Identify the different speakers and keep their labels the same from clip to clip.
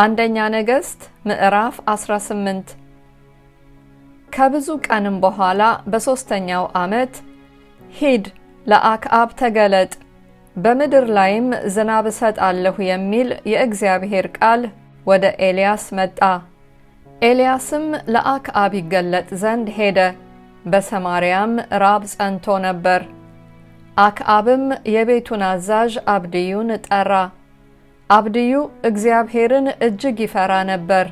Speaker 1: አንደኛ ነገሥት ምዕራፍ 18 ከብዙ ቀንም በኋላ በሦስተኛው ዓመት ሂድ ለአክአብ ተገለጥ፣ በምድር ላይም ዝናብ እሰጣለሁ የሚል የእግዚአብሔር ቃል ወደ ኤልያስ መጣ። ኤልያስም ለአክአብ ይገለጥ ዘንድ ሄደ። በሰማርያም ራብ ጸንቶ ነበር። አክአብም የቤቱን አዛዥ አብድዩን ጠራ። አብድዩ እግዚአብሔርን እጅግ ይፈራ ነበር።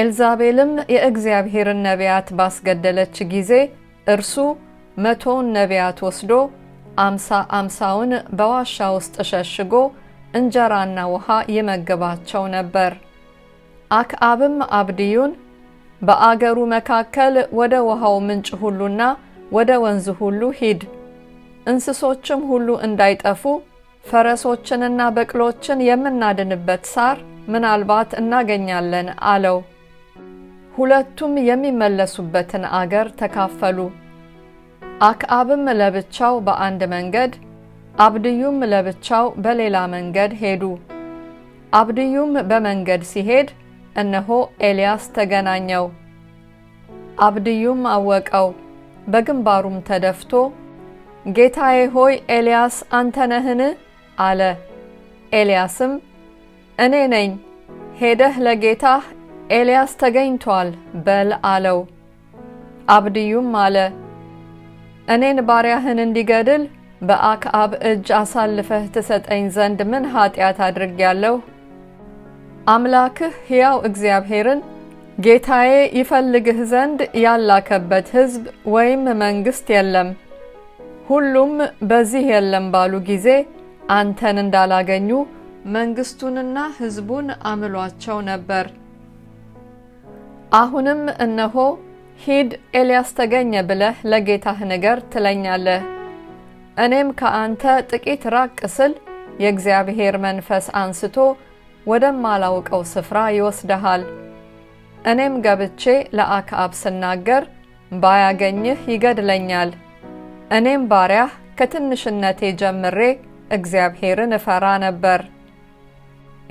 Speaker 1: ኤልዛቤልም የእግዚአብሔርን ነቢያት ባስገደለች ጊዜ እርሱ መቶውን ነቢያት ወስዶ አምሳ አምሳውን በዋሻ ውስጥ ሸሽጎ እንጀራና ውሃ ይመግባቸው ነበር። አክአብም አብድዩን በአገሩ መካከል ወደ ውሃው ምንጭ ሁሉና ወደ ወንዝ ሁሉ ሂድ፣ እንስሶችም ሁሉ እንዳይጠፉ ፈረሶችንና በቅሎችን የምናድንበት ሳር ምናልባት እናገኛለን አለው። ሁለቱም የሚመለሱበትን አገር ተካፈሉ። አክአብም ለብቻው በአንድ መንገድ፣ አብድዩም ለብቻው በሌላ መንገድ ሄዱ። አብድዩም በመንገድ ሲሄድ እነሆ ኤልያስ ተገናኘው። አብድዩም አወቀው፣ በግንባሩም ተደፍቶ ጌታዬ ሆይ ኤልያስ አንተ ነህን? አለ። ኤልያስም እኔ ነኝ፣ ሄደህ ለጌታህ ኤልያስ ተገኝቷል በል አለው። አብድዩም አለ እኔን ባሪያህን እንዲገድል በአክአብ እጅ አሳልፈህ ትሰጠኝ ዘንድ ምን ኃጢአት አድርጌያለሁ? አምላክህ ሕያው እግዚአብሔርን ጌታዬ ይፈልግህ ዘንድ ያላከበት ሕዝብ ወይም መንግሥት የለም፣ ሁሉም በዚህ የለም ባሉ ጊዜ አንተን እንዳላገኙ መንግስቱንና ህዝቡን አምሏቸው ነበር። አሁንም እነሆ ሂድ ኤልያስ ተገኘ ብለህ ለጌታህ ንገር ትለኛለህ። እኔም ከአንተ ጥቂት ራቅ ስል የእግዚአብሔር መንፈስ አንስቶ ወደማላውቀው ስፍራ ይወስደሃል። እኔም ገብቼ ለአክአብ ስናገር ባያገኝህ ይገድለኛል። እኔም ባሪያህ ከትንሽነቴ ጀምሬ እግዚአብሔርን እፈራ ነበር።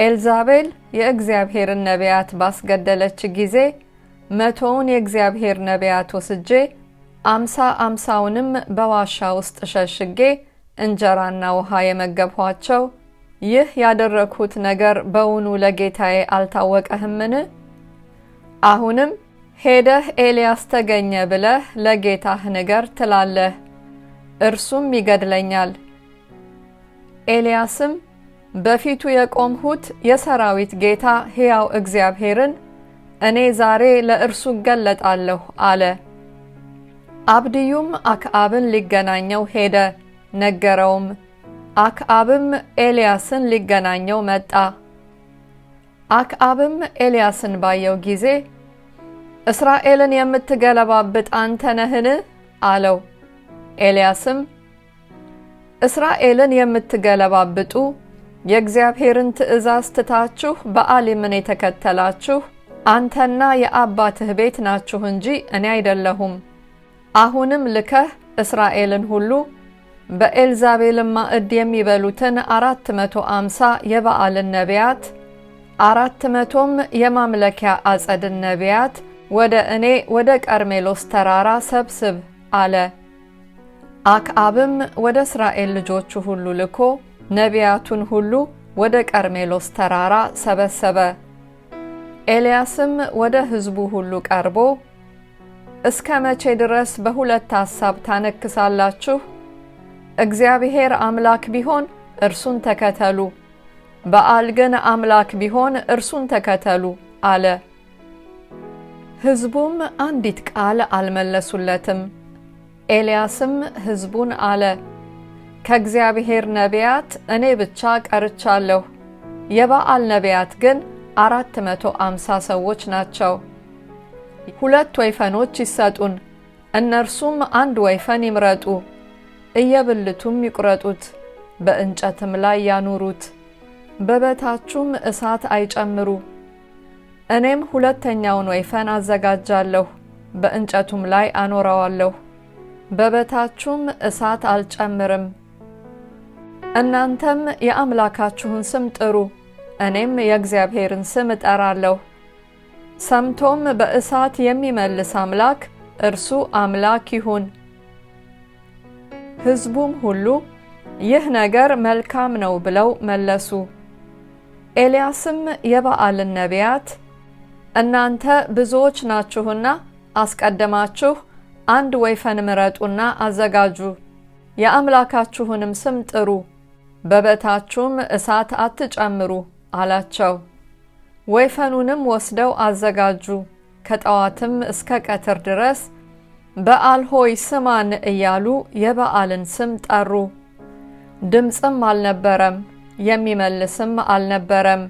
Speaker 1: ኤልዛቤል የእግዚአብሔርን ነቢያት ባስገደለች ጊዜ መቶውን የእግዚአብሔር ነቢያት ወስጄ አምሳ አምሳውንም በዋሻ ውስጥ ሸሽጌ እንጀራና ውሃ የመገብኋቸው ይህ ያደረግሁት ነገር በውኑ ለጌታዬ አልታወቀህምን? አሁንም ሄደህ ኤልያስ ተገኘ ብለህ ለጌታህ ንገር ትላለህ፣ እርሱም ይገድለኛል ኤልያስም በፊቱ የቆምሁት የሰራዊት ጌታ ሕያው እግዚአብሔርን እኔ ዛሬ ለእርሱ እገለጣለሁ አለ። አብድዩም አክአብን ሊገናኘው ሄደ፣ ነገረውም። አክአብም ኤልያስን ሊገናኘው መጣ። አክአብም ኤልያስን ባየው ጊዜ እስራኤልን የምትገለባብጥ አንተ ነህን? አለው። ኤልያስም እስራኤልን የምትገለባብጡ የእግዚአብሔርን ትእዛዝ ትታችሁ በአሊምን የተከተላችሁ አንተና የአባትህ ቤት ናችሁ እንጂ እኔ አይደለሁም። አሁንም ልከህ እስራኤልን ሁሉ በኤልዛቤልም ማዕድ የሚበሉትን አራት መቶ አምሳ የበዓልን ነቢያት አራት መቶም የማምለኪያ አጸድን ነቢያት ወደ እኔ ወደ ቀርሜሎስ ተራራ ሰብስብ አለ። አክአብም ወደ እስራኤል ልጆቹ ሁሉ ልኮ ነቢያቱን ሁሉ ወደ ቀርሜሎስ ተራራ ሰበሰበ። ኤልያስም ወደ ሕዝቡ ሁሉ ቀርቦ እስከ መቼ ድረስ በሁለት ሐሳብ ታነክሳላችሁ? እግዚአብሔር አምላክ ቢሆን እርሱን ተከተሉ፣ በዓል ግን አምላክ ቢሆን እርሱን ተከተሉ አለ። ሕዝቡም አንዲት ቃል አልመለሱለትም። ኤልያስም ሕዝቡን አለ፣ ከእግዚአብሔር ነቢያት እኔ ብቻ ቀርቻለሁ፣ የበዓል ነቢያት ግን አራት መቶ አምሳ ሰዎች ናቸው። ሁለት ወይፈኖች ይሰጡን፣ እነርሱም አንድ ወይፈን ይምረጡ፣ እየብልቱም ይቁረጡት፣ በእንጨትም ላይ ያኑሩት፣ በበታቹም እሳት አይጨምሩ። እኔም ሁለተኛውን ወይፈን አዘጋጃለሁ፣ በእንጨቱም ላይ አኖረዋለሁ በበታችሁም እሳት አልጨምርም። እናንተም የአምላካችሁን ስም ጥሩ፣ እኔም የእግዚአብሔርን ስም እጠራለሁ። ሰምቶም በእሳት የሚመልስ አምላክ እርሱ አምላክ ይሁን። ሕዝቡም ሁሉ ይህ ነገር መልካም ነው ብለው መለሱ። ኤልያስም የበዓልን ነቢያት እናንተ ብዙዎች ናችሁና አስቀድማችሁ አንድ ወይፈን ምረጡና አዘጋጁ፣ የአምላካችሁንም ስም ጥሩ፣ በበታችሁም እሳት አትጨምሩ አላቸው። ወይፈኑንም ወስደው አዘጋጁ። ከጠዋትም እስከ ቀትር ድረስ በዓል ሆይ ስማን እያሉ የበዓልን ስም ጠሩ። ድምፅም አልነበረም፣ የሚመልስም አልነበረም።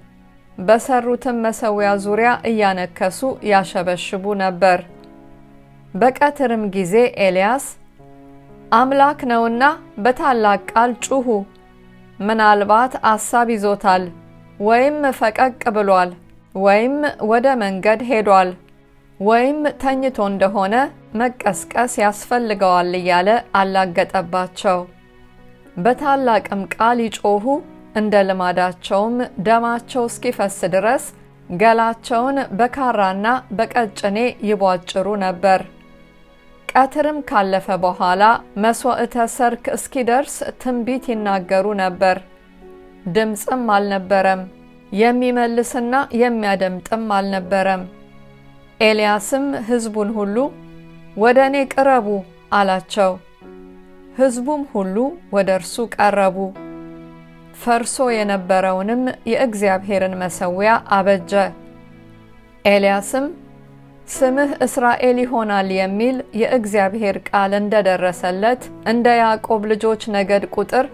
Speaker 1: በሰሩትም መሠዊያ ዙሪያ እያነከሱ ያሸበሽቡ ነበር። በቀትርም ጊዜ ኤልያስ አምላክ ነውና በታላቅ ቃል ጩኹ፣ ምናልባት አሳብ ይዞታል፣ ወይም ፈቀቅ ብሏል፣ ወይም ወደ መንገድ ሄዷል፣ ወይም ተኝቶ እንደሆነ መቀስቀስ ያስፈልገዋል እያለ አላገጠባቸው። በታላቅም ቃል ይጮኹ፣ እንደ ልማዳቸውም ደማቸው እስኪፈስ ድረስ ገላቸውን በካራና በቀጭኔ ይቧጭሩ ነበር። ቀትርም ካለፈ በኋላ መስዋዕተ ሰርክ እስኪደርስ ትንቢት ይናገሩ ነበር። ድምፅም አልነበረም፣ የሚመልስና የሚያደምጥም አልነበረም። ኤልያስም ሕዝቡን ሁሉ ወደ እኔ ቅረቡ አላቸው። ሕዝቡም ሁሉ ወደ እርሱ ቀረቡ። ፈርሶ የነበረውንም የእግዚአብሔርን መሠዊያ አበጀ። ኤልያስም ስምህ እስራኤል ይሆናል የሚል የእግዚአብሔር ቃል እንደደረሰለት እንደ ያዕቆብ ልጆች ነገድ ቁጥር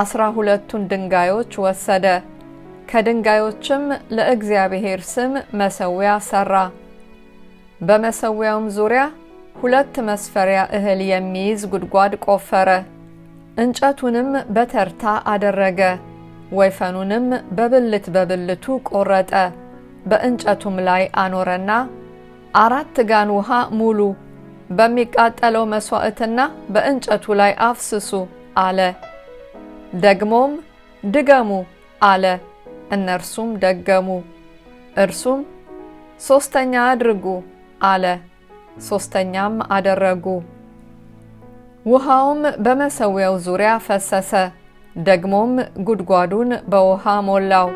Speaker 1: አስራ ሁለቱን ድንጋዮች ወሰደ። ከድንጋዮችም ለእግዚአብሔር ስም መሰዊያ ሰራ። በመሰዊያውም ዙሪያ ሁለት መስፈሪያ እህል የሚይዝ ጉድጓድ ቆፈረ። እንጨቱንም በተርታ አደረገ። ወይፈኑንም በብልት በብልቱ ቆረጠ። በእንጨቱም ላይ አኖረና አራት ጋን ውሃ ሙሉ በሚቃጠለው መሥዋዕትና በእንጨቱ ላይ አፍስሱ አለ። ደግሞም ድገሙ አለ። እነርሱም ደገሙ። እርሱም ሦስተኛ አድርጉ አለ። ሦስተኛም አደረጉ። ውሃውም በመሠዊያው ዙሪያ ፈሰሰ። ደግሞም ጉድጓዱን በውሃ ሞላው።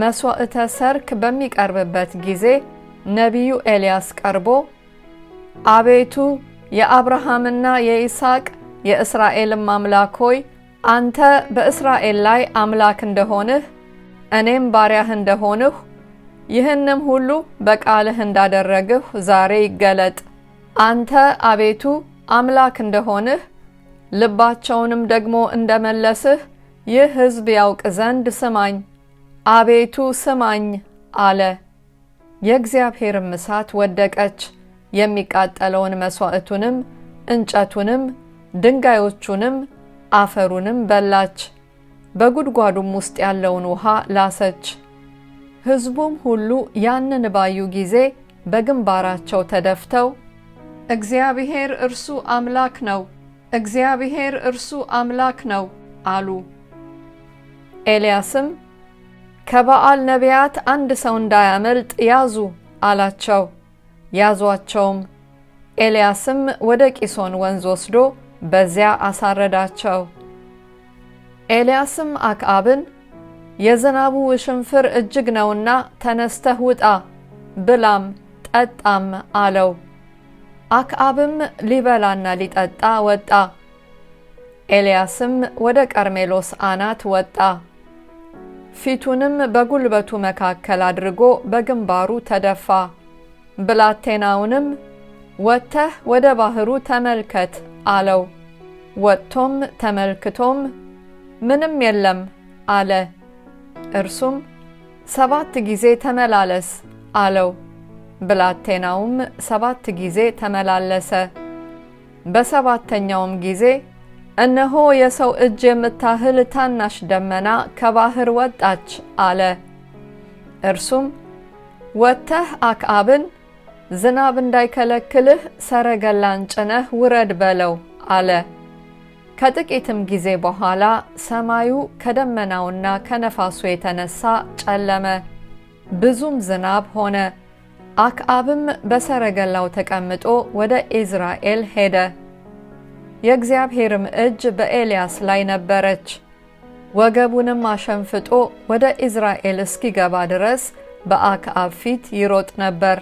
Speaker 1: መሥዋዕተ ሰርክ በሚቀርብበት ጊዜ ነቢዩ ኤልያስ ቀርቦ አቤቱ የአብርሃምና የይስሐቅ የእስራኤልም አምላክ ሆይ አንተ በእስራኤል ላይ አምላክ እንደሆንህ እኔም ባሪያህ እንደሆንሁ ይህንም ሁሉ በቃልህ እንዳደረግሁ ዛሬ ይገለጥ። አንተ አቤቱ አምላክ እንደሆንህ ልባቸውንም ደግሞ እንደመለስህ ይህ ሕዝብ ያውቅ ዘንድ ስማኝ፣ አቤቱ ስማኝ አለ። የእግዚአብሔርም እሳት ወደቀች፣ የሚቃጠለውን መሥዋዕቱንም እንጨቱንም ድንጋዮቹንም አፈሩንም በላች፣ በጉድጓዱም ውስጥ ያለውን ውሃ ላሰች። ሕዝቡም ሁሉ ያንን ባዩ ጊዜ በግንባራቸው ተደፍተው እግዚአብሔር እርሱ አምላክ ነው፣ እግዚአብሔር እርሱ አምላክ ነው አሉ። ኤልያስም ከበዓል ነቢያት አንድ ሰው እንዳያመልጥ ያዙ አላቸው። ያዟቸውም። ኤልያስም ወደ ቂሶን ወንዝ ወስዶ በዚያ አሳረዳቸው። ኤልያስም አክዓብን የዝናቡ ውሽንፍር እጅግ ነውና ተነስተህ ውጣ፣ ብላም ጠጣም አለው። አክዓብም ሊበላና ሊጠጣ ወጣ። ኤልያስም ወደ ቀርሜሎስ አናት ወጣ። ፊቱንም በጉልበቱ መካከል አድርጎ በግንባሩ ተደፋ። ብላቴናውንም ወጥተህ ወደ ባህሩ ተመልከት አለው። ወጥቶም ተመልክቶም ምንም የለም አለ። እርሱም ሰባት ጊዜ ተመላለስ አለው። ብላቴናውም ሰባት ጊዜ ተመላለሰ። በሰባተኛውም ጊዜ እነሆ የሰው እጅ የምታህል ታናሽ ደመና ከባህር ወጣች አለ። እርሱም ወጥተህ አክዓብን ዝናብ እንዳይከለክልህ ሰረገላን ጭነህ ውረድ በለው አለ። ከጥቂትም ጊዜ በኋላ ሰማዩ ከደመናውና ከነፋሱ የተነሳ ጨለመ፣ ብዙም ዝናብ ሆነ። አክዓብም በሰረገላው ተቀምጦ ወደ ኢዝራኤል ሄደ። የእግዚአብሔርም እጅ በኤልያስ ላይ ነበረች። ወገቡንም አሸንፍጦ ወደ ኢዝራኤል እስኪገባ ድረስ በአክአብ ፊት ይሮጥ ነበር።